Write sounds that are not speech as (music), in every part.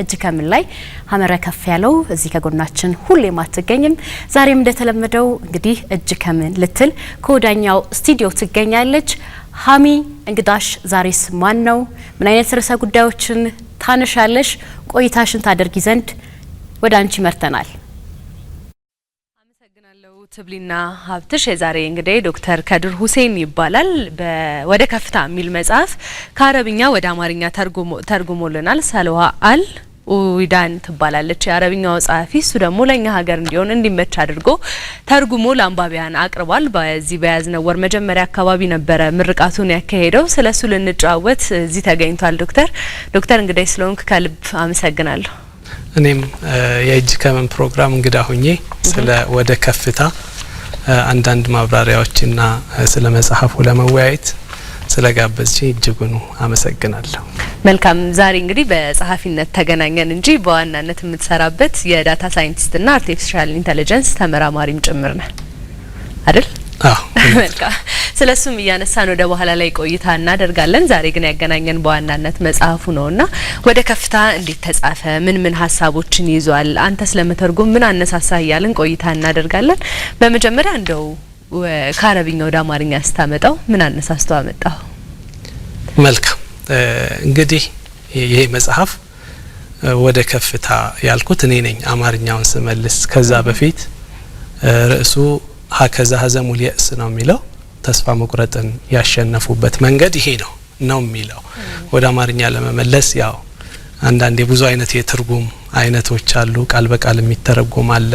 እጅ ከምን ላይ ሀመረ ከፍ ያለው እዚህ ከጎናችን ሁሌም አትገኝም። ዛሬም እንደተለመደው እንግዲህ እጅ ከምን ልትል ከወዳኛው ስቱዲዮ ትገኛለች። ሀሚ እንግዳሽ ዛሬስ ማን ነው? ምን አይነት ርዕሰ ጉዳዮችን ታነሻለሽ? ቆይታሽን ታደርጊ ዘንድ ወደ አንቺ መርተናል። ትብሊና ሀብትሽ የዛሬ እንግዲህ ዶክተር ከድር ሁሴን ይባላል። ወደ ከፍታ የሚል መጽሐፍ ከአረብኛ ወደ አማርኛ ተርጉሞልናል። ሰለዋ አል ኡዊዳን ትባላለች የአረብኛው ጸሐፊ። እሱ ደግሞ ለእኛ ሀገር እንዲሆን እንዲመች አድርጎ ተርጉሞ ለአንባቢያን አቅርቧል። በዚህ በያዝነው ወር መጀመሪያ አካባቢ ነበረ ምርቃቱን ያካሄደው። ስለ እሱ ልንጨዋወት እዚህ ተገኝቷል ዶክተር ዶክተር እንግዲህ ስለሆንክ ከልብ አመሰግናለሁ። እኔም የእጅ ከመን ፕሮግራም እንግዳ ሁኜ ስለ ወደ ከፍታ አንዳንድ ማብራሪያዎችና ስለ መጽሐፉ ለመወያየት ስለ ጋበዝች እጅጉኑ አመሰግናለሁ። መልካም። ዛሬ እንግዲህ በጸሐፊነት ተገናኘን እንጂ በዋናነት የምትሰራበት የዳታ ሳይንቲስትና አርቲፊሻል ኢንተለጀንስ ተመራማሪም ጭምር ነህ አይደል? አዎ። (laughs) መልካም ስለ እሱም እያነሳን ወደ በኋላ ላይ ቆይታ እናደርጋለን። ዛሬ ግን ያገናኘን በዋናነት መጽሐፉ ነውና ወደ ከፍታ እንዴት ተጻፈ፣ ምን ምን ሀሳቦችን ይዟል፣ አንተ ስለመተርጉም ምን አነሳሳ እያልን ቆይታ እናደርጋለን። በመጀመሪያ እንደው ከአረብኛ ወደ አማርኛ ስታመጣው ምን አነሳስቶ አመጣው? መልካም እንግዲህ ይሄ መጽሐፍ ወደ ከፍታ ያልኩት እኔ ነኝ። አማርኛውን ስመልስ ከዛ በፊት ርዕሱ ሀከዛ ሀዘሙል የእስ ነው የሚለው ተስፋ መቁረጥን ያሸነፉበት መንገድ ይሄ ነው ነው የሚለው ወደ አማርኛ ለመመለስ ያው አንዳንድ የብዙ አይነት የትርጉም አይነቶች አሉ። ቃል በቃል የሚተረጎም አለ።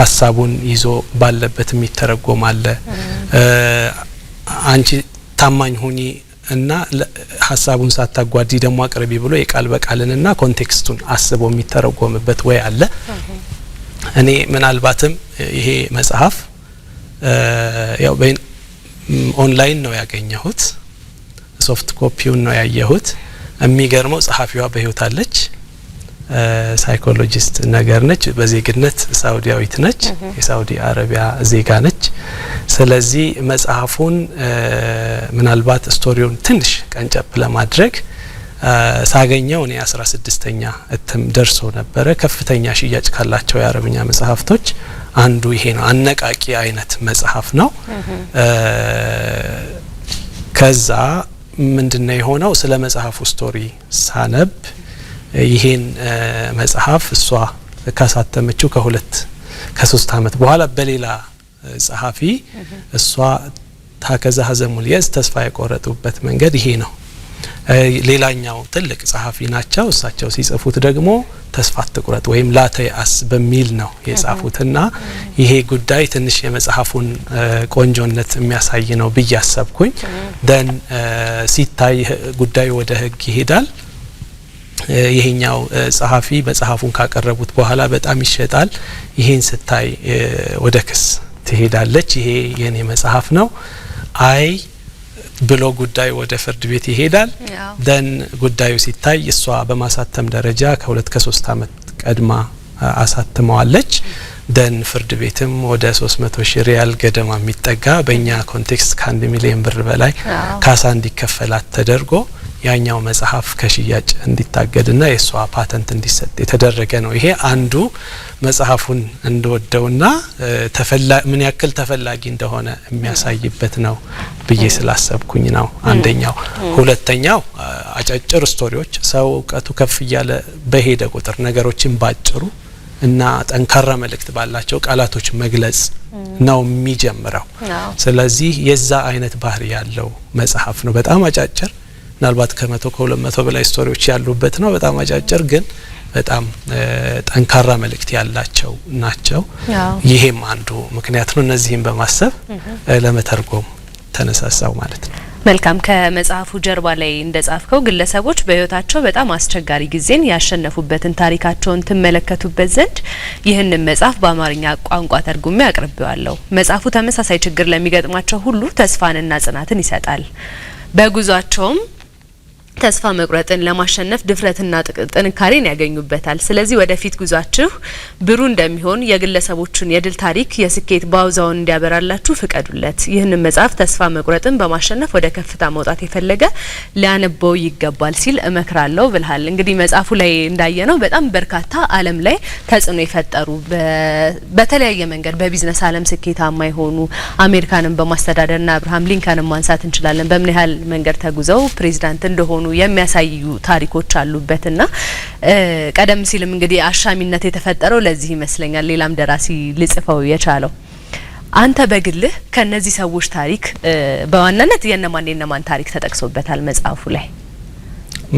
ሀሳቡን ይዞ ባለበት የሚተረጎም አለ። አንቺ ታማኝ ሁኚ እና ሀሳቡን ሳታጓዲ ደግሞ አቅርቢ ብሎ የቃል በቃልንና ኮንቴክስቱን አስቦ የሚተረጎምበት ወይ አለ። እኔ ምናልባትም ይሄ መጽሐፍ ኦንላይን ነው ያገኘሁት። ሶፍት ኮፒውን ነው ያየሁት። የሚገርመው ጸሀፊዋ በህይወት አለች። ሳይኮሎጂስት ነገር ነች። በዜግነት ሳውዲያዊት ነች። የሳውዲ አረቢያ ዜጋ ነች። ስለዚህ መጽሐፉን ምናልባት ስቶሪውን ትንሽ ቀንጨብ ለማድረግ ሳገኘው እኔ አስራ ስድስተኛ እትም ደርሶ ነበረ። ከፍተኛ ሽያጭ ካላቸው የአረብኛ መጽሐፍቶች አንዱ ይሄ ነው። አነቃቂ አይነት መጽሐፍ ነው። ከዛ ምንድነው የሆነው? ስለ መጽሐፉ ስቶሪ ሳነብ ይሄን መጽሐፍ እሷ ካሳተመችው ከሁለት ከሶስት አመት በኋላ በሌላ ጸሐፊ እሷ ታከዛ ሀዘሙልየዝ ተስፋ የቆረጡበት መንገድ ይሄ ነው ሌላኛው ትልቅ ጸሐፊ ናቸው። እሳቸው ሲጽፉት ደግሞ ተስፋ ትኩረት ወይም ላተይ አስ በሚል ነው የጻፉትና ይሄ ጉዳይ ትንሽ የመጽሐፉን ቆንጆነት የሚያሳይ ነው ብዬ አሰብኩኝ። ደን ሲታይ ጉዳዩ ወደ ህግ ይሄዳል። ይሄኛው ጸሐፊ መጽሐፉን ካቀረቡት በኋላ በጣም ይሸጣል። ይሄን ስታይ ወደ ክስ ትሄዳለች። ይሄ የኔ መጽሐፍ ነው አይ ብሎ ጉዳዩ ወደ ፍርድ ቤት ይሄዳል። ደን ጉዳዩ ሲታይ እሷ በማሳተም ደረጃ ከሁለት ከሶስት አመት ቀድማ አሳትመዋለች። ደን ፍርድ ቤትም ወደ 300 ሺ ሪያል ገደማ የሚጠጋ በእኛ ኮንቴክስት ከአንድ ሚሊዮን ብር በላይ ካሳ እንዲከፈላት ተደርጎ ያኛው መጽሐፍ ከሽያጭ እንዲታገድና የእሷ ፓተንት እንዲሰጥ የተደረገ ነው። ይሄ አንዱ መጽሐፉን እንደወደውና ምን ያክል ተፈላጊ እንደሆነ የሚያሳይበት ነው ብዬ ስላሰብኩኝ ነው አንደኛው። ሁለተኛው አጫጭር ስቶሪዎች ሰው እውቀቱ ከፍ እያለ በሄደ ቁጥር ነገሮችን ባጭሩ እና ጠንካራ መልእክት ባላቸው ቃላቶች መግለጽ ነው የሚጀምረው። ስለዚህ የዛ አይነት ባህሪ ያለው መጽሐፍ ነው። በጣም አጫጭር ምናልባት ከመቶ ከሁለት መቶ በላይ ስቶሪዎች ያሉበት ነው። በጣም አጫጭር ግን በጣም ጠንካራ መልእክት ያላቸው ናቸው። ይሄም አንዱ ምክንያት ነው። እነዚህም በማሰብ ለመተርጎም ተነሳሳው ማለት ነው። መልካም ከመጽሐፉ ጀርባ ላይ እንደጻፍከው ግለሰቦች በህይወታቸው በጣም አስቸጋሪ ጊዜን ያሸነፉበትን ታሪካቸውን ትመለከቱበት ዘንድ ይህንን መጽሐፍ በአማርኛ ቋንቋ ተርጉሜ አቅርቤዋለሁ። መጽሐፉ ተመሳሳይ ችግር ለሚገጥማቸው ሁሉ ተስፋንና ጽናትን ይሰጣል። በጉዟቸውም ተስፋ መቁረጥን ለማሸነፍ ድፍረትና ጥንካሬን ያገኙበታል። ስለዚህ ወደፊት ጉዟችሁ ብሩ እንደሚሆን የግለሰቦችን የድል ታሪክ የስኬት ባውዛውን እንዲያበራላችሁ ፍቀዱለት። ይህንን መጽሐፍ ተስፋ መቁረጥን በማሸነፍ ወደ ከፍታ መውጣት የፈለገ ሊያነበው ይገባል ሲል እመክራለሁ ብልሃል። እንግዲህ መጽሐፉ ላይ እንዳየ ነው በጣም በርካታ ዓለም ላይ ተጽዕኖ የፈጠሩ በተለያየ መንገድ በቢዝነስ ዓለም ስኬታማ የሆኑ አሜሪካንን በማስተዳደርና አብርሃም ሊንከንን ማንሳት እንችላለን። በምን ያህል መንገድ ተጉዘው ፕሬዚዳንት እንደሆኑ መሆኑ የሚያሳዩ ታሪኮች አሉበትና ቀደም ሲልም እንግዲህ አሻሚነት የተፈጠረው ለዚህ ይመስለኛል። ሌላም ደራሲ ልጽፈው የቻለው አንተ በግልህ ከነዚህ ሰዎች ታሪክ በዋናነት የነማን የነማን ታሪክ ተጠቅሶበታል መጽሐፉ ላይ?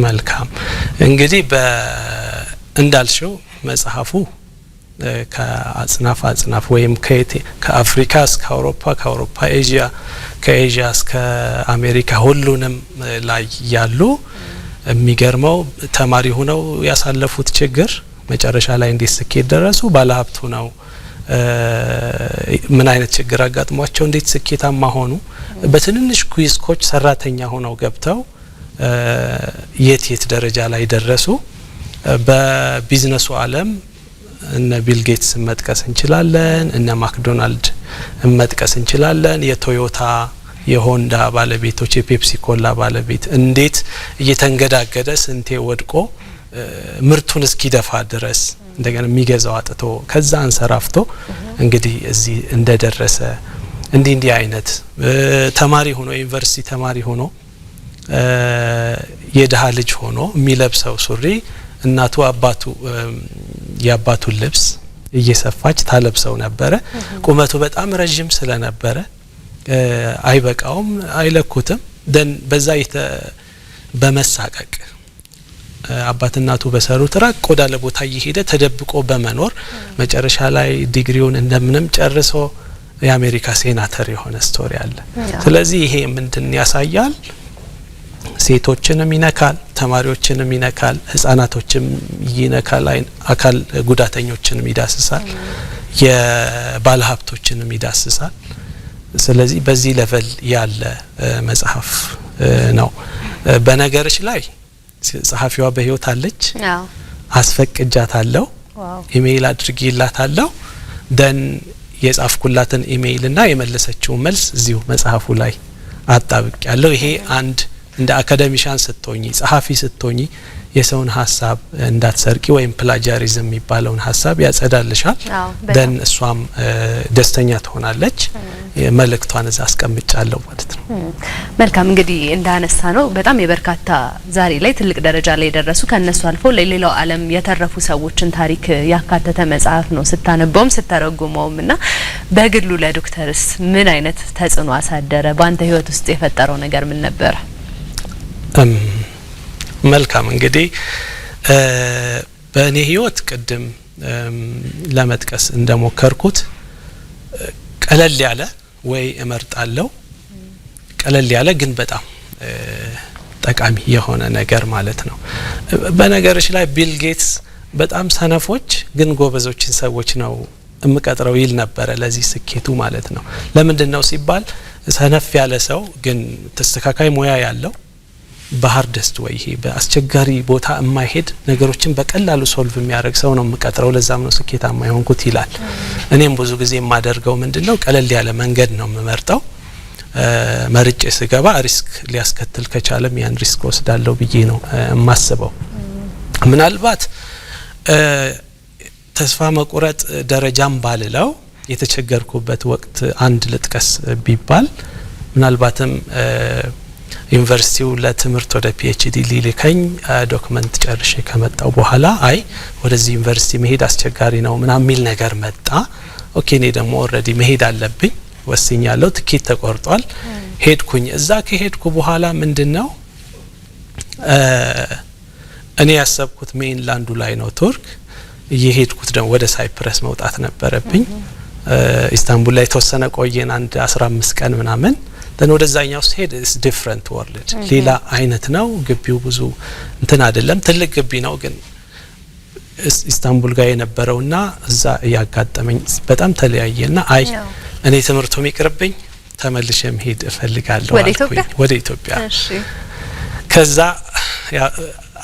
መልካም እንግዲህ እንዳልሽው መጽሐፉ ከአጽናፍ አጽናፍ ወይም ከአፍሪካ እስከ አውሮፓ ከአውሮፓ ኤዥያ ከኤዥያ እስከ አሜሪካ ሁሉንም ላይ ያሉ የሚገርመው ተማሪ ሆነው ያሳለፉት ችግር መጨረሻ ላይ እንዴት ስኬት ደረሱ፣ ባለሀብቱ ሁነው ምን አይነት ችግር አጋጥሟቸው እንዴት ስኬታማ ሆኑ፣ በትንንሽ ኩስኮች ሰራተኛ ሆነው ገብተው የት የት ደረጃ ላይ ደረሱ፣ በቢዝነሱ አለም? እነ ቢል ጌትስ መጥቀስ እንችላለን። እነ ማክዶናልድ መጥቀስ እንችላለን። የቶዮታ የሆንዳ ባለቤቶች የፔፕሲ ኮላ ባለቤት እንዴት እየተንገዳገደ ስንቴ ወድቆ ምርቱን እስኪደፋ ድረስ እንደገና የሚገዛው አጥቶ ከዛ አንሰራፍቶ እንግዲህ እዚህ እንደደረሰ እንዲህ እንዲህ አይነት ተማሪ ሆኖ ዩኒቨርሲቲ ተማሪ ሆኖ የድሀ ልጅ ሆኖ የሚለብሰው ሱሪ እናቱ አባቱ የአባቱን ልብስ እየሰፋች ታለብሰው ነበረ። ቁመቱ በጣም ረዥም ስለነበረ አይበቃውም፣ አይለኩትም። ደን በዛ በመሳቀቅ አባት እናቱ በሰሩት ራቅ ወዳለ ቦታ እየሄደ ተደብቆ በመኖር መጨረሻ ላይ ዲግሪውን እንደምንም ጨርሶ የአሜሪካ ሴናተር የሆነ ስቶሪ አለ። ስለዚህ ይሄ ምንድን ያሳያል? ሴቶችንም ይነካል ተማሪዎችንም ይነካል፣ ህጻናቶችም ይነካል፣ አካል ጉዳተኞችንም ይዳስሳል፣ የባለሀብቶችንም ይዳስሳል። ስለዚህ በዚህ ለቨል ያለ መጽሐፍ ነው። በነገርች ላይ ጸሐፊዋ በህይወት አለች። አለው፣ ኢሜይል አለው። ደን የጻፍኩላትን ኢሜይልና የመለሰችውን መልስ እዚሁ መጽሐፉ ላይ አጣብቅ ያለው ይሄ አንድ እንደ አካዳሚሻን ስትሆኚ ጸሐፊ ስትሆኚ የሰውን ሀሳብ እንዳትሰርቂ ወይም ፕላጃሪዝም የሚባለውን ሀሳብ ያጸዳልሻል። ደን እሷም ደስተኛ ትሆናለች። መልእክቷን እዛ አስቀምጫለሁ ማለት ነው። መልካም እንግዲህ እንዳነሳ ነው በጣም የበርካታ ዛሬ ላይ ትልቅ ደረጃ ላይ የደረሱ ከእነሱ አልፎ ለሌላው አለም የተረፉ ሰዎችን ታሪክ ያካተተ መጽሐፍ ነው ስታነበውም ስተረጉመውም እና በግሉ ለዶክተርስ ምን አይነት ተጽዕኖ አሳደረ? በአንተ ህይወት ውስጥ የፈጠረው ነገር ምን ነበረ? መልካም እንግዲህ በእኔ ህይወት ቅድም ለመጥቀስ እንደሞከርኩት ቀለል ያለ ወይ እመርጣለው ቀለል ያለ ግን በጣም ጠቃሚ የሆነ ነገር ማለት ነው። በነገሮች ላይ ቢል ጌትስ በጣም ሰነፎች ግን ጎበዞችን ሰዎች ነው እምቀጥረው ይል ነበረ። ለዚህ ስኬቱ ማለት ነው። ለምንድን ነው ሲባል ሰነፍ ያለ ሰው ግን ተስተካካይ ሙያ ያለው ባህር ደስት ወይ ይሄ በአስቸጋሪ ቦታ የማይሄድ ነገሮችን በቀላሉ ሶልቭ የሚያደርግ ሰው ነው የምቀጥረው፣ ለዛም ነው ስኬታማ የሆንኩት ይላል። እኔም ብዙ ጊዜ የማደርገው ምንድን ነው ቀለል ያለ መንገድ ነው የምመርጠው። መርጬ ስገባ ሪስክ ሊያስከትል ከቻለም ያን ሪስክ ወስዳለሁ ብዬ ነው የማስበው። ምናልባት ተስፋ መቁረጥ ደረጃም ባልለው የተቸገርኩበት ወቅት አንድ ልጥቀስ ቢባል ምናልባትም ዩኒቨርሲቲው ለትምህርት ወደ ፒኤችዲ ሊልከኝ ዶክመንት ጨርሼ ከመጣው በኋላ አይ ወደዚህ ዩኒቨርሲቲ መሄድ አስቸጋሪ ነው ምናም የሚል ነገር መጣ። ኦኬ እኔ ደግሞ ኦልሬዲ መሄድ አለብኝ ወስኛለሁ። ትኬት ተቆርጧል። ሄድኩኝ። እዛ ከሄድኩ በኋላ ምንድን ነው እኔ ያሰብኩት ሜይንላንዱ ላይ ነው ቱርክ። እየሄድኩት ደግሞ ወደ ሳይፕረስ መውጣት ነበረብኝ። ኢስታንቡል ላይ የተወሰነ ቆየን፣ አንድ አስራ አምስት ቀን ምናምን ደን ወደዛኛው ስትሄድ ኢስ ዲፍረንት ወርልድ ሌላ አይነት ነው። ግቢው ብዙ እንትን አይደለም። ትልቅ ግቢ ነው ግን ኢስታንቡል ጋር የነበረውና እዛ እያጋጠመኝ በጣም ተለያየና አይ እኔ ትምህርቱም ይቅርብኝ ተመልሼ መሄድ እፈልጋለሁ ወደ ኢትዮጵያ። ከዛ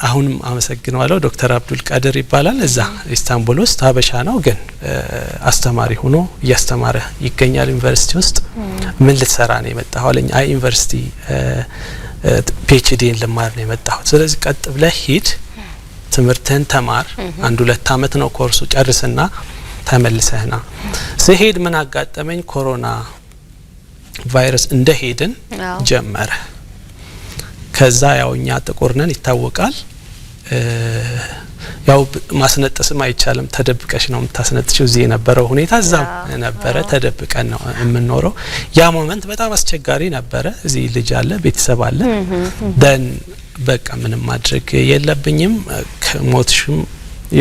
አሁንም አመሰግነዋለሁ። ዶክተር አብዱል ቃድር ይባላል። እዛ ኢስታንቡል ውስጥ ሀበሻ ነው፣ ግን አስተማሪ ሆኖ እያስተማረ ይገኛል። ዩኒቨርሲቲ ውስጥ ምን ልትሰራ ነው የመጣሁ አለኝ። አይ ዩኒቨርሲቲ ፒኤችዲን ልማር ነው የመጣሁት። ስለዚህ ቀጥ ብለህ ሂድ፣ ትምህርትህን ተማር። አንድ ሁለት አመት ነው ኮርሱ፣ ጨርስና ተመልሰህና ስሄድ ምን አጋጠመኝ? ኮሮና ቫይረስ እንደ ሄድን ጀመረ። ከዛ ያው እኛ ጥቁር ነን ይታወቃል። ያው ማስነጠስም አይቻልም። ተደብቀሽ ነው የምታስነጥሽው። እዚህ የነበረው ሁኔታ እዛም ነበረ። ተደብቀን ነው የምንኖረው። ያ ሞመንት በጣም አስቸጋሪ ነበረ። እዚህ ልጅ አለ፣ ቤተሰብ አለ። ደን በቃ ምንም ማድረግ የለብኝም። ሞትሽም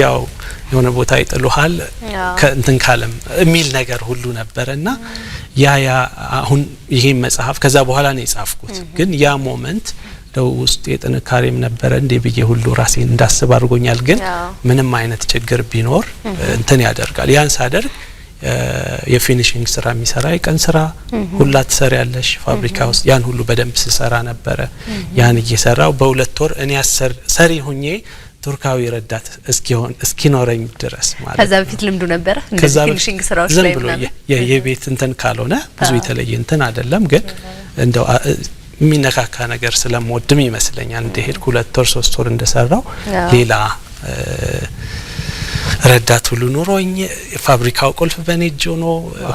ያው የሆነ ቦታ ይጥሉሃል ከእንትን ካለም የሚል ነገር ሁሉ ነበረ እና ያ ያ አሁን ይሄን መጽሐፍ ከዛ በኋላ ነው የጻፍኩት ግን ያ ሞመንት ደው ውስጥ የጥንካሬም ነበረ እንዴ ብዬ ሁሉ ራሴን እንዳስብ አድርጎኛል። ግን ምንም አይነት ችግር ቢኖር እንትን ያደርጋል። ያን ሳደርግ የፊኒሽንግ ስራ የሚሰራ የቀን ስራ ሁላ ትሰር ያለሽ ፋብሪካ ውስጥ ያን ሁሉ በደንብ ስሰራ ነበረ። ያን እየሰራው በሁለት ወር እኔ ሰሪ ሁኜ ቱርካዊ ረዳት እስኪሆን እስኪኖረኝ ድረስ ማለት ከዛ በፊት ልምዱ ነበረ። ከዛ ፊኒሽንግ ስራዎች ላይ ብሎ የቤት እንትን ካልሆነ ብዙ የተለየ እንትን አይደለም ግን እንደው የሚነካካ ነገር ስለምወድም ይመስለኛል እንደሄድኩ ሁለት ወር ሶስት ወር እንደሰራው ሌላ ረዳት ሁሉ ኑሮኝ ፋብሪካው ቁልፍ በኔ እጅ ሆኖ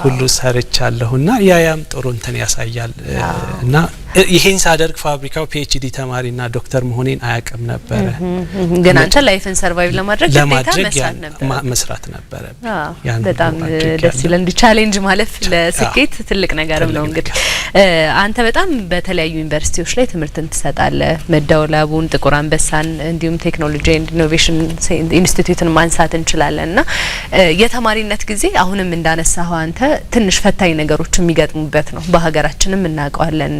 ሁሉ ሰርቻለሁና ያ ያም ጥሩ እንትን ያሳያል እና ይሄን ሳደርግ ፋብሪካው ፒኤችዲ ተማሪና ዶክተር መሆኔን አያቅም ነበረ። ግን አንተ ላይፍን ሰርቫይቭ ለማድረግ መስራት ነበረ። በጣም ደስ ይላል። እንዲ ቻሌንጅ ማለፍ ለስኬት ትልቅ ነገርም ነው። እንግዲህ አንተ በጣም በተለያዩ ዩኒቨርሲቲዎች ላይ ትምህርትን ትሰጣለ። መደወላቡን፣ ጥቁር አንበሳን እንዲሁም ቴክኖሎጂ ኤንድ ኢኖቬሽን ኢንስቲትዩትን ማንሳት እንችላለን እና የተማሪነት ጊዜ አሁንም እንዳነሳኸው አንተ ትንሽ ፈታኝ ነገሮች የሚገጥሙበት ነው። በሀገራችንም እናውቀዋለን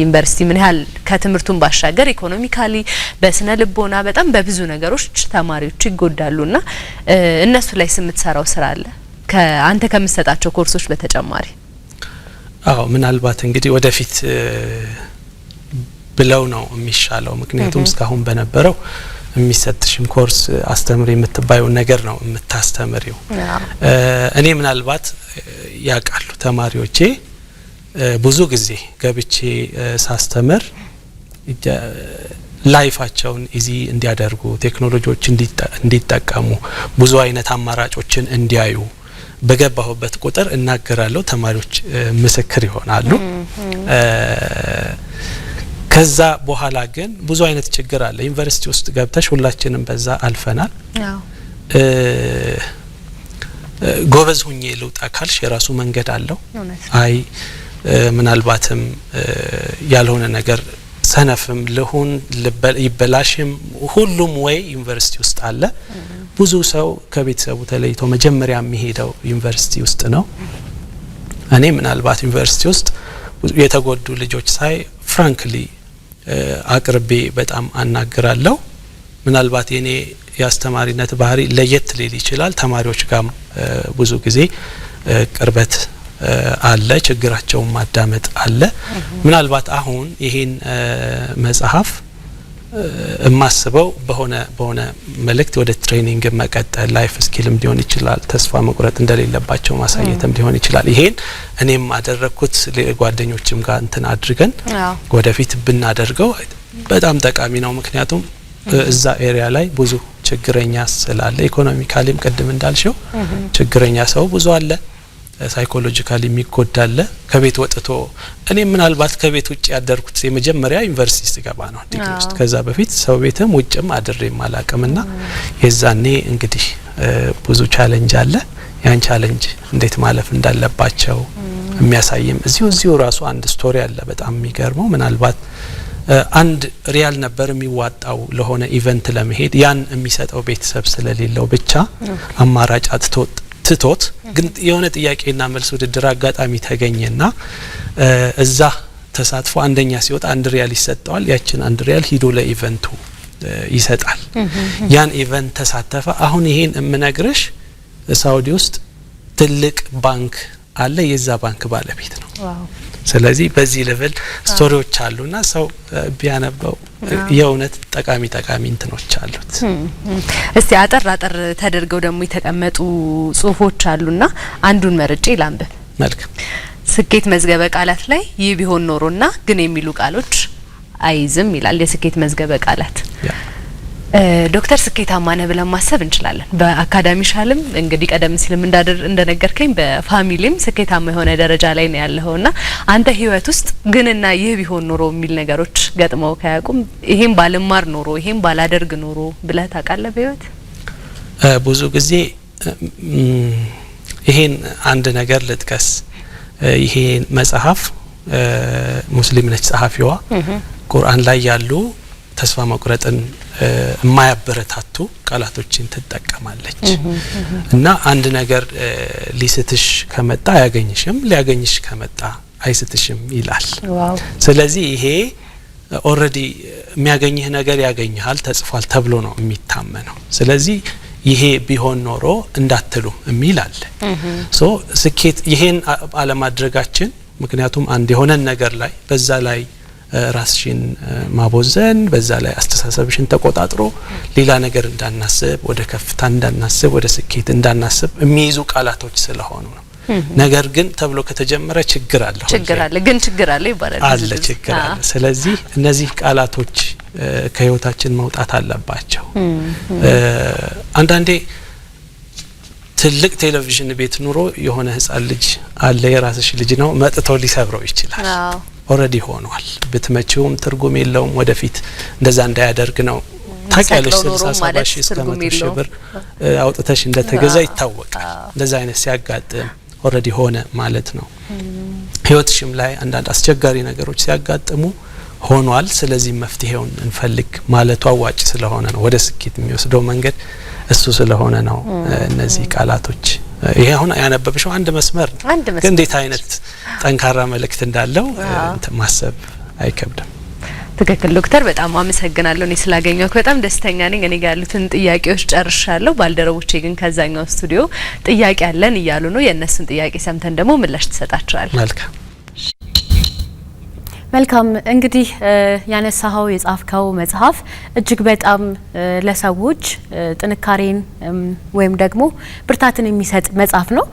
ዩኒቨርሲቲ ምን ያህል ከትምህርቱን ባሻገር ኢኮኖሚካሊ፣ በስነ ልቦና በጣም በብዙ ነገሮች ተማሪዎች ይጎዳሉ እና እነሱ ላይ ስምትሰራው ስራ አለ ከአንተ ከምትሰጣቸው ኮርሶች በተጨማሪ? አዎ ምናልባት እንግዲህ ወደፊት ብለው ነው የሚሻለው። ምክንያቱም እስካሁን በነበረው የሚሰጥሽም ኮርስ አስተምሪ የምትባየውን ነገር ነው የምታስተምሪው። እኔ ምናልባት ያውቃሉ ተማሪዎቼ ብዙ ጊዜ ገብቼ ሳስተምር ላይፋቸውን ኢዚ እንዲያደርጉ ቴክኖሎጂዎች እንዲጠቀሙ ብዙ አይነት አማራጮችን እንዲያዩ በገባሁበት ቁጥር እናገራለሁ። ተማሪዎች ምስክር ይሆናሉ። ከዛ በኋላ ግን ብዙ አይነት ችግር አለ። ዩኒቨርሲቲ ውስጥ ገብተሽ ሁላችንም በዛ አልፈናል። ጎበዝ ሁኜ ልውጣ ካልሽ የራሱ መንገድ አለው። አይ ምናልባትም ያልሆነ ነገር ሰነፍም ልሁን ይበላሽም ሁሉም ወይ ዩኒቨርሲቲ ውስጥ አለ። ብዙ ሰው ከቤተሰቡ ተለይቶ መጀመሪያ የሚሄደው ዩኒቨርሲቲ ውስጥ ነው። እኔ ምናልባት ዩኒቨርሲቲ ውስጥ የተጎዱ ልጆች ሳይ ፍራንክሊ አቅርቤ በጣም አናግራለሁ። ምናልባት የኔ የአስተማሪነት ባህሪ ለየት ሊል ይችላል። ተማሪዎች ጋም ብዙ ጊዜ ቅርበት አለ፣ ችግራቸውን ማዳመጥ አለ። ምናልባት አሁን ይሄን መጽሐፍ የማስበው በሆነ በሆነ መልእክት ወደ ትሬኒንግ መቀጠል ላይፍ ስኪልም ሊሆን ይችላል። ተስፋ መቁረጥ እንደሌለባቸው ማሳየትም ሊሆን ይችላል። ይሄን እኔም አደረግኩት ጓደኞችም ጋር እንትን አድርገን ወደፊት ብናደርገው በጣም ጠቃሚ ነው። ምክንያቱም እዛ ኤሪያ ላይ ብዙ ችግረኛ ስላለ ኢኮኖሚካሊም ቅድም እንዳልሽው ችግረኛ ሰው ብዙ አለ። ሳይኮሎጂካል የሚጎዳለ ከቤት ወጥቶ እኔ ምናልባት ከቤት ውጭ ያደርኩት የመጀመሪያ ዩኒቨርሲቲ ስገባ ነው ዲግሪ ውስጥ። ከዛ በፊት ሰው ቤትም ውጭም አድሬ አላቅም ና የዛኔ እንግዲህ ብዙ ቻለንጅ አለ። ያን ቻለንጅ እንዴት ማለፍ እንዳለባቸው የሚያሳይም እዚሁ እዚሁ ራሱ አንድ ስቶሪ አለ በጣም የሚገርመው ምናልባት አንድ ሪያል ነበር የሚዋጣው ለሆነ ኢቨንት ለመሄድ ያን የሚሰጠው ቤተሰብ ስለሌለው ብቻ አማራጭ አጥቶት ትቶት ግን የሆነ ጥያቄና መልስ ውድድር አጋጣሚ ተገኘና እዛ ተሳትፎ አንደኛ ሲወጣ አንድ ሪያል ይሰጠዋል። ያችን አንድ ሪያል ሂዶ ለኢቨንቱ ይሰጣል። ያን ኢቨንት ተሳተፈ። አሁን ይሄን እምነግርሽ ሳውዲ ውስጥ ትልቅ ባንክ አለ። የዛ ባንክ ባለቤት ነው። ስለዚህ በዚህ ልብል ስቶሪዎች አሉና ሰው ቢያነበው የእውነት ጠቃሚ ጠቃሚ እንትኖች አሉት። እስቲ አጠር አጠር ተደርገው ደግሞ የተቀመጡ ጽሁፎች አሉና አንዱን መርጬ ላንብብ። መልካም ስኬት መዝገበ ቃላት ላይ ይህ ቢሆን ኖሮና ግን የሚሉ ቃሎች አይዝም ይላል የስኬት መዝገበ ቃላት ዶክተር ስኬታማ ነህ ብለን ማሰብ እንችላለን። በአካዳሚሻልም እንግዲህ ቀደም ሲልም እንዳደር እንደነገርከኝ በፋሚሊም ስኬታማ የሆነ ደረጃ ላይ ነው ያለኸውና አንተ ህይወት ውስጥ ግንና ይህ ቢሆን ኖሮ የሚል ነገሮች ገጥመው ከያቁም ይሄን ባልማር ኖሮ ይሄን ባላደርግ ኖሮ ብለህ ታውቃለህ? በህይወት ብዙ ጊዜ ይሄን አንድ ነገር ልጥቀስ። ይሄ መጽሐፍ ሙስሊም ነች ጸሐፊዋ ቁርአን ላይ ያሉ ተስፋ መቁረጥን የማያበረታቱ ቃላቶችን ትጠቀማለች እና አንድ ነገር ሊስትሽ ከመጣ አያገኝሽም፣ ሊያገኝሽ ከመጣ አይስትሽም ይላል። ስለዚህ ይሄ ኦልሬዲ የሚያገኝህ ነገር ያገኝሃል ተጽፏል ተብሎ ነው የሚታመነው። ስለዚህ ይሄ ቢሆን ኖሮ እንዳትሉ የሚል አለ። ሶ ስኬት ይሄን አለማድረጋችን ምክንያቱም አንድ የሆነን ነገር ላይ በዛ ላይ ራስሽን ማቦዘን በዛ ላይ አስተሳሰብሽን ተቆጣጥሮ ሌላ ነገር እንዳናስብ፣ ወደ ከፍታ እንዳናስብ፣ ወደ ስኬት እንዳናስብ የሚይዙ ቃላቶች ስለሆኑ ነው። ነገር ግን ተብሎ ከተጀመረ ችግር አለ ችግር አለ ግን ችግር አለ ይባላል አለ ችግር አለ። ስለዚህ እነዚህ ቃላቶች ከህይወታችን መውጣት አለባቸው። አንዳንዴ ትልቅ ቴሌቪዥን ቤት ኑሮ የሆነ ህጻን ልጅ አለ የራስሽ ልጅ ነው መጥቶ ሊሰብረው ይችላል። ኦረዲ ሆኗል። ብትመጪውም ትርጉም የለውም። ወደፊት እንደዛ እንዳያደርግ ነው። ታውቂያለሽ፣ ስልሳ ሰባ ሺ እስከ መቶ ሺ ብር አውጥተሽ እንደ ተገዛ ይታወቃል። እንደዛ አይነት ሲያጋጥም ኦረዲ ሆነ ማለት ነው። ህይወትሽም ላይ አንዳንድ አስቸጋሪ ነገሮች ሲያጋጥሙ ሆኗል፣ ስለዚህ መፍትሄውን እንፈልግ ማለቱ አዋጭ ስለሆነ ነው። ወደ ስኬት የሚወስደው መንገድ እሱ ስለሆነ ነው እነዚህ ቃላቶች ይሄ አሁን ያነበብሽው አንድ መስመር ነው፣ ግን እንዴት አይነት ጠንካራ መልእክት እንዳለው ማሰብ አይከብድም። ትክክል ዶክተር፣ በጣም አመሰግናለሁ። እኔ ስላገኘሁት በጣም ደስተኛ ነኝ። እኔ ጋር ያሉትን ጥያቄዎች ጨርሻለሁ። ባልደረቦቼ ግን ከዛኛው ስቱዲዮ ጥያቄ አለን እያሉ ነው። የእነሱን ጥያቄ ሰምተን ደግሞ ምላሽ ትሰጣቸዋል። መልካም መልካም እንግዲህ ያነሳኸው የጻፍከው መጽሐፍ እጅግ በጣም ለሰዎች ጥንካሬን ወይም ደግሞ ብርታትን የሚሰጥ መጽሐፍ ነው።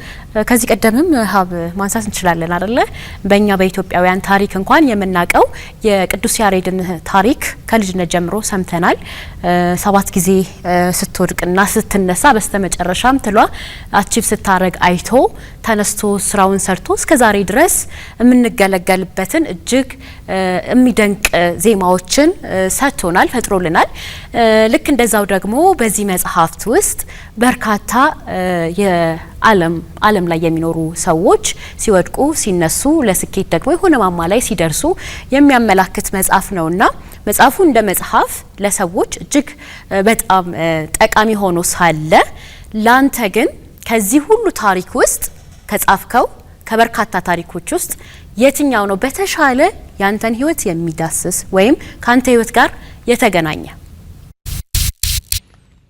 ከዚህ ቀደምም ሀብ ማንሳት እንችላለን አደለ? በእኛ በኢትዮጵያውያን ታሪክ እንኳን የምናውቀው የቅዱስ ያሬድን ታሪክ ከልጅነት ጀምሮ ሰምተናል። ሰባት ጊዜ ስትወድቅና ስትነሳ በስተመጨረሻም ትሏ አቺቭ ስታረግ አይቶ ተነስቶ ስራውን ሰርቶ እስከ ዛሬ ድረስ የምንገለገልበትን እጅግ የሚደንቅ ዜማዎችን ሰጥቶናል፣ ፈጥሮልናል። ልክ እንደዛው ደግሞ በዚህ መጽሐፍት ውስጥ በርካታ ዓለም ዓለም ላይ የሚኖሩ ሰዎች ሲወድቁ ሲነሱ ለስኬት ደግሞ የሆነ ማማ ላይ ሲደርሱ የሚያመላክት መጽሐፍ ነውና መጽሐፉ እንደ መጽሐፍ ለሰዎች እጅግ በጣም ጠቃሚ ሆኖ ሳለ ላንተ ግን ከዚህ ሁሉ ታሪክ ውስጥ ከጻፍከው ከበርካታ ታሪኮች ውስጥ የትኛው ነው በተሻለ ያንተን ህይወት የሚዳስስ ወይም ከአንተ ህይወት ጋር የተገናኘ?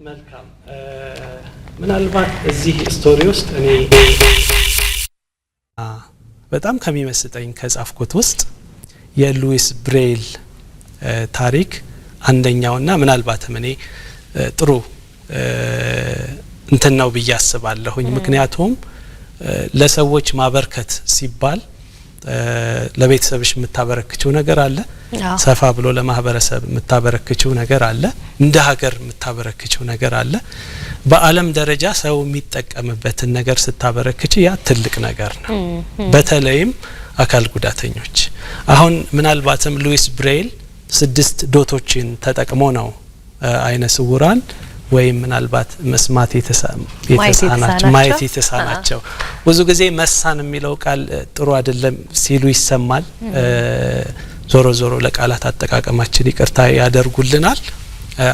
መልካም ምናልባት እዚህ ስቶሪ ውስጥ እኔ በጣም ከሚመስጠኝ ከጻፍኩት ውስጥ የሉዊስ ብሬል ታሪክ አንደኛውና ምናልባትም እኔ ጥሩ እንትን ነው ብዬ አስባለሁኝ። ምክንያቱም ለሰዎች ማበርከት ሲባል ለቤተሰብሽ የምታበረክችው ነገር አለ ሰፋ ብሎ ለማህበረሰብ የምታበረክችው ነገር አለ። እንደ ሀገር የምታበረክችው ነገር አለ። በዓለም ደረጃ ሰው የሚጠቀምበትን ነገር ስታበረክች ያ ትልቅ ነገር ነው። በተለይም አካል ጉዳተኞች አሁን ምናልባትም ሉዊስ ብሬይል ስድስት ዶቶችን ተጠቅሞ ነው አይነ ስውራን ወይም ምናልባት መስማት የተሳናቸው ማየት የተሳናቸው ብዙ ጊዜ መሳን የሚለው ቃል ጥሩ አይደለም ሲሉ ይሰማል። ዞሮ ዞሮ ለቃላት አጠቃቀማችን ይቅርታ ያደርጉልናል።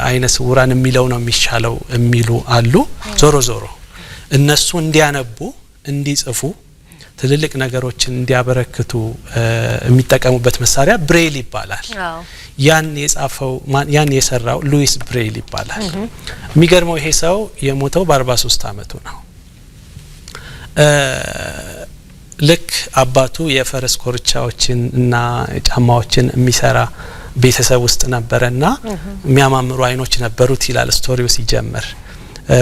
አይነ ስውራን የሚለው ነው የሚሻለው የሚሉ አሉ። ዞሮ ዞሮ እነሱ እንዲያነቡ እንዲጽፉ ትልልቅ ነገሮችን እንዲያበረክቱ የሚጠቀሙበት መሳሪያ ብሬል ይባላል። ያን የጻፈው ያን የሰራው ሉዊስ ብሬል ይባላል። የሚገርመው ይሄ ሰው የሞተው በ43 አመቱ ነው። ልክ አባቱ የፈረስ ኮርቻዎችን እና ጫማዎችን የሚሰራ ቤተሰብ ውስጥ ነበረ እና የሚያማምሩ አይኖች ነበሩት ይላል ስቶሪው ሲጀምር።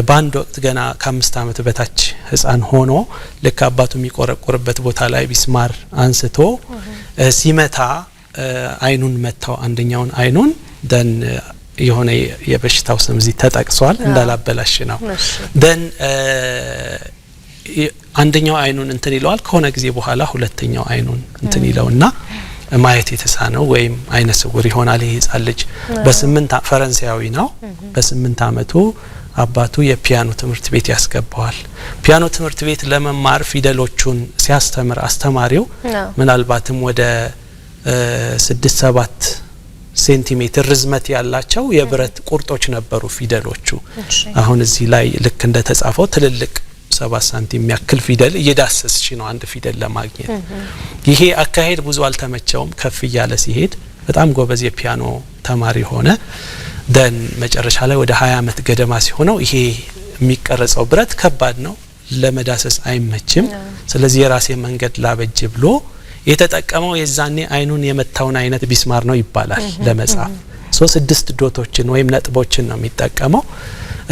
በአንድ ወቅት ገና ከአምስት ዓመት በታች ህጻን ሆኖ ልክ አባቱ የሚቆረቆርበት ቦታ ላይ ቢስማር አንስቶ ሲመታ አይኑን መታው፣ አንደኛውን አይኑን ደን የሆነ የበሽታው ስም እዚህ ተጠቅሷል እንዳላበላሽ ነው ደን አንደኛው አይኑን እንትን ይለዋል። ከሆነ ጊዜ በኋላ ሁለተኛው አይኑን እንትን ይለውና ማየት የተሳነው ወይም አይነ ስውር ይሆናል። ይህ ህጻን ልጅ በስምንት ፈረንሳያዊ ነው። በስምንት አመቱ አባቱ የፒያኖ ትምህርት ቤት ያስገባዋል። ፒያኖ ትምህርት ቤት ለመማር ፊደሎቹን ሲያስተምር አስተማሪው ምናልባትም ወደ ስድስት ሰባት ሴንቲሜትር ርዝመት ያላቸው የብረት ቁርጦች ነበሩ ፊደሎቹ። አሁን እዚህ ላይ ልክ እንደ ተጻፈው ትልልቅ ሰባት ሳንቲም የሚያክል ፊደል እየዳሰስሽ ነው አንድ ፊደል ለማግኘት። ይሄ አካሄድ ብዙ አልተመቸውም። ከፍ እያለ ሲሄድ በጣም ጎበዝ የፒያኖ ተማሪ ሆነ። ደን መጨረሻ ላይ ወደ ሀያ አመት ገደማ ሲሆነው ይሄ የሚቀረጸው ብረት ከባድ ነው፣ ለመዳሰስ አይመችም። ስለዚህ የራሴ መንገድ ላበጅ ብሎ የተጠቀመው የዛኔ አይኑን የመታውን አይነት ቢስማር ነው ይባላል ለመጻፍ ሶ ስድስት ዶቶችን ወይም ነጥቦችን ነው የሚጠቀመው።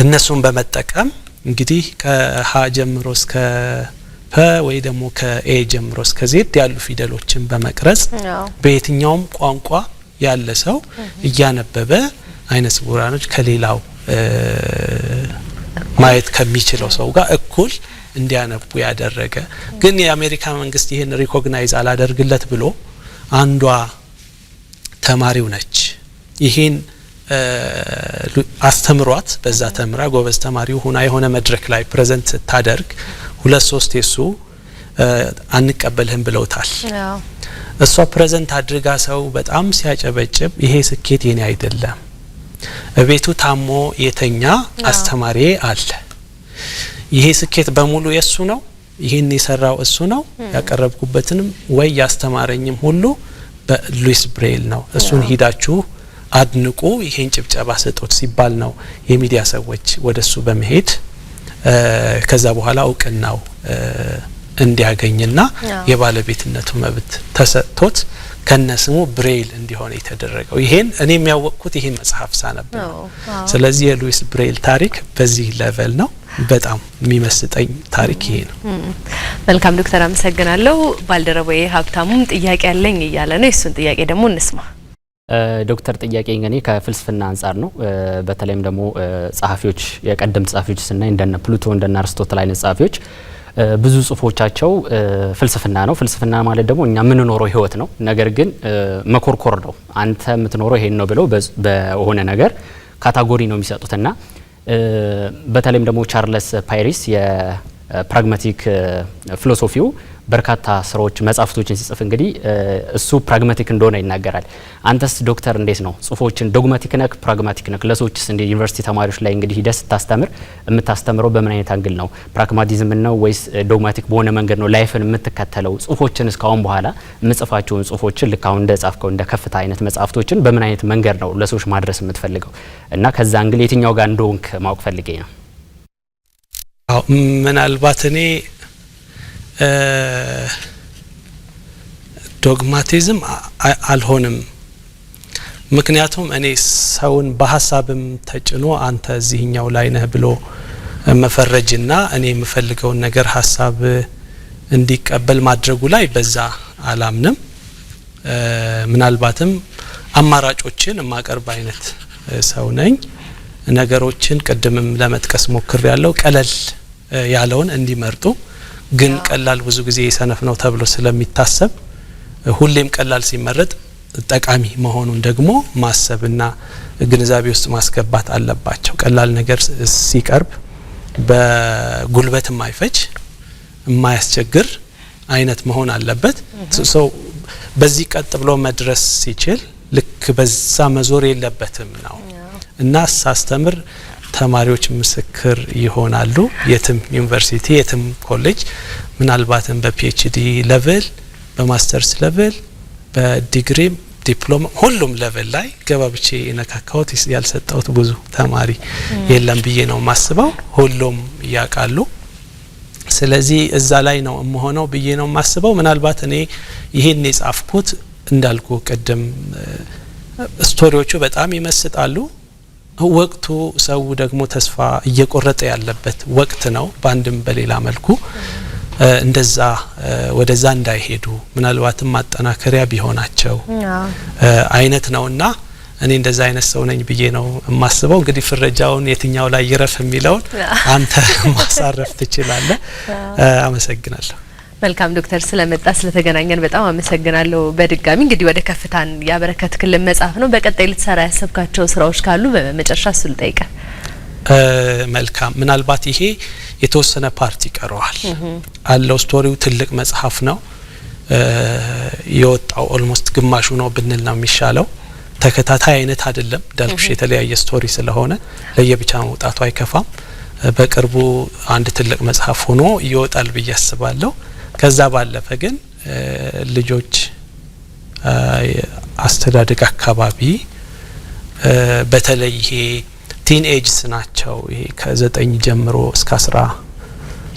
እነሱን በመጠቀም እንግዲህ ከሀ ጀምሮ እስከ ፐ ወይ ደግሞ ከኤ ጀምሮ እስከ ዜድ ያሉ ፊደሎችን በመቅረጽ በየትኛውም ቋንቋ ያለ ሰው እያነበበ አይነ ስውራኖች ከሌላው ማየት ከሚችለው ሰው ጋር እኩል እንዲያነቡ ያደረገ። ግን የአሜሪካ መንግስት ይህን ሪኮግናይዝ አላደርግለት ብሎ አንዷ ተማሪው ነች ይህን አስተምሯት በዛ ተምራ ጎበዝ ተማሪ ሁና የሆነ መድረክ ላይ ፕሬዘንት ስታደርግ ሁለት ሶስት የሱ አንቀበልህም ብለውታል። እሷ ፕሬዘንት አድርጋ ሰው በጣም ሲያጨበጭብ ይሄ ስኬት የኔ አይደለም፣ እቤቱ ታሞ የተኛ አስተማሪ አለ፣ ይሄ ስኬት በሙሉ የሱ ነው፣ ይህን የሰራው እሱ ነው፣ ያቀረብኩበትንም ወይ ያስተማረኝም ሁሉ በሉዊስ ብሬል ነው፣ እሱን ሂዳችሁ አድንቆ ይሄን ጭብጨባ ሰጦት ሲባል ነው የሚዲያ ሰዎች ወደሱ በመሄድ ከዛ በኋላ እውቅናው እንዲያገኝና የባለቤትነቱ መብት ተሰጥቶት ከነስሙ ብሬል እንዲሆነ የተደረገው ይሄን እኔ የሚያወቅኩት ይሄን መጽሐፍ ሳነብ ነው። ስለዚህ የሉዊስ ብሬል ታሪክ በዚህ ሌቨል ነው። በጣም የሚመስጠኝ ታሪክ ይሄ ነው። መልካም ዶክተር አመሰግናለሁ። ባልደረባዬ ሀብታሙም ጥያቄ ያለኝ እያለ ነው። የሱን ጥያቄ ደግሞ እንስማ። ዶክተር ጥያቄ እንግዲህ ከፍልስፍና አንጻር ነው። በተለይም ደግሞ ጸሐፊዎች የቀደምት ጸሐፊዎች ስናይ እንደነ ፕሉቶ እንደነ አርስቶትል አይነት ጸሐፊዎች ብዙ ጽሁፎቻቸው ፍልስፍና ነው። ፍልስፍና ማለት ደግሞ እኛ የምንኖረው ህይወት ነው። ነገር ግን መኮርኮር ነው። አንተ የምትኖረው ይሄን ነው ብለው በሆነ ነገር ካታጎሪ ነው የሚሰጡትና በተለይም ደግሞ ቻርለስ ፓይሪስ የፕራግማቲክ ፊሎሶፊው በርካታ ስራዎች መጽሐፍቶችን ሲጽፍ እንግዲህ እሱ ፕራግማቲክ እንደሆነ ይናገራል። አንተስ ዶክተር እንዴት ነው ጽሁፎችን ዶግማቲክ ነክ ፕራግማቲክ ነክ ለሰዎችስ እንደ ዩኒቨርሲቲ ተማሪዎች ላይ እንግዲህ ሂደህ ስታስተምር የምታስተምረው በምን አይነት አንግል ነው? ፕራግማቲዝም ነው ወይስ ዶግማቲክ በሆነ መንገድ ነው ላይፍን የምትከተለው? ጽሁፎችን እስካሁን በኋላ የምጽፋቸውን ጽሁፎችን ልክ አሁን እንደ ጻፍከው እንደ ከፍታ አይነት መጽሐፍቶችን በምን አይነት መንገድ ነው ለሰዎች ማድረስ የምትፈልገው እና ከዛ አንግል የትኛው ጋር እንደሆንክ ማወቅ ፈልጌ ነው። ምናልባት እኔ ዶግማቲዝም አልሆንም። ምክንያቱም እኔ ሰውን በሀሳብም ተጭኖ አንተ እዚህኛው ላይ ነህ ብሎ መፈረጅና እኔ የምፈልገውን ነገር ሀሳብ እንዲቀበል ማድረጉ ላይ በዛ አላምንም። ምናልባትም አማራጮችን የማቀርብ አይነት ሰው ነኝ። ነገሮችን ቅድምም ለመጥቀስ ሞክር ያለው ቀለል ያለውን እንዲመርጡ ግን ቀላል ብዙ ጊዜ ሰነፍ ነው ተብሎ ስለሚታሰብ ሁሌም ቀላል ሲመረጥ ጠቃሚ መሆኑን ደግሞ ማሰብና ግንዛቤ ውስጥ ማስገባት አለባቸው። ቀላል ነገር ሲቀርብ በጉልበት የማይፈጅ የማያስቸግር አይነት መሆን አለበት። ሰው በዚህ ቀጥ ብሎ መድረስ ሲችል ልክ በዛ መዞር የለበትም ነው እና ሳስተምር ተማሪዎች ምስክር ይሆናሉ። የትም ዩኒቨርሲቲ የትም ኮሌጅ ምናልባትም በፒኤችዲ ሌቭል በማስተርስ ሌቭል በዲግሪም ዲፕሎማ ሁሉም ሌቭል ላይ ገባብቼ የነካካሁት ያልሰጠሁት ብዙ ተማሪ የለም ብዬ ነው የማስበው። ሁሉም ያውቃሉ። ስለዚህ እዛ ላይ ነው የምሆነው ብዬ ነው ማስበው ምናልባት እኔ ይህን የጻፍኩት እንዳልኩ ቅድም ስቶሪዎቹ በጣም ይመስጣሉ። ወቅቱ ሰው ደግሞ ተስፋ እየቆረጠ ያለበት ወቅት ነው። በአንድም በሌላ መልኩ እንደዛ ወደዛ እንዳይሄዱ ምናልባትም ማጠናከሪያ ቢሆናቸው አይነት ነውና እኔ እንደዛ አይነት ሰው ነኝ ብዬ ነው የማስበው። እንግዲህ ፍረጃውን የትኛው ላይ ይረፍ የሚለውን አንተ ማሳረፍ ትችላለህ። አመሰግናለሁ። መልካም ዶክተር ስለመጣ ስለተገናኘን በጣም አመሰግናለሁ። በድጋሚ እንግዲህ ወደ ከፍታን ያበረከት ክልል መጽሐፍ ነው። በቀጣይ ልትሰራ ያሰብካቸው ስራዎች ካሉ በመጨረሻ እሱ ልጠይቀ። መልካም ምናልባት ይሄ የተወሰነ ፓርቲ ይቀረዋል አለው። ስቶሪው ትልቅ መጽሐፍ ነው የወጣው ኦልሞስት ግማሹ ነው ብንል ነው የሚሻለው። ተከታታይ አይነት አይደለም እንዳልኩሽ የተለያየ ስቶሪ ስለሆነ ለየብቻ መውጣቱ አይከፋም። በቅርቡ አንድ ትልቅ መጽሐፍ ሆኖ ይወጣል ብዬ አስባለሁ። ከዛ ባለፈ ግን ልጆች አስተዳደግ አካባቢ በተለይ ይሄ ቲንኤጅስ ናቸው። ይሄ ከዘጠኝ ጀምሮ እስከ አስራ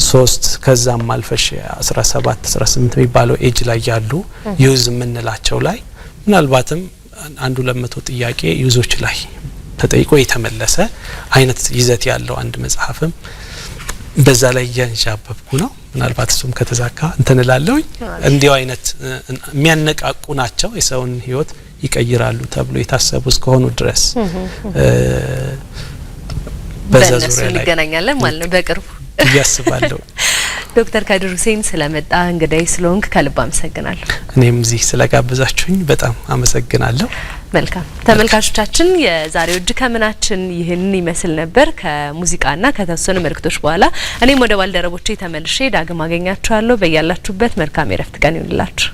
ሶስት ከዛም አልፈሽ አስራ ሰባት አስራ ስምንት የሚባለው ኤጅ ላይ ያሉ ዩዝ የምንላቸው ላይ ምናልባትም አንዱ ለመቶ ጥያቄ ዩዞች ላይ ተጠይቆ የተመለሰ አይነት ይዘት ያለው አንድ መጽሐፍም በዛ ላይ እያንዣበብኩ ነው። ምናልባት እሱም ከተዛካ እንትን እንዲው አይነት የሚያነቃቁ ናቸው። የሰውን ህይወት ይቀይራሉ ተብሎ የታሰቡ እስከሆኑ ድረስ በዛ ዙሪያ ላይ እንገናኛለን ማለት ነው በቅርቡ እያስባለሁ። (laughs) ዶክተር ካድር ሁሴን ስለመጣ እንግዳይ ስለሆንክ ከልብ አመሰግናለሁ። እኔም እዚህ ስለጋበዛችሁኝ በጣም አመሰግናለሁ። መልካም ተመልካቾቻችን፣ የዛሬው እጅ ከምናችን ይህን ይመስል ነበር። ከሙዚቃና ከተወሰኑ መልእክቶች በኋላ እኔም ወደ ባልደረቦቼ ተመልሼ ዳግም አገኛችኋለሁ። በያላችሁበት መልካም የረፍት ቀን ይሁንላችሁ።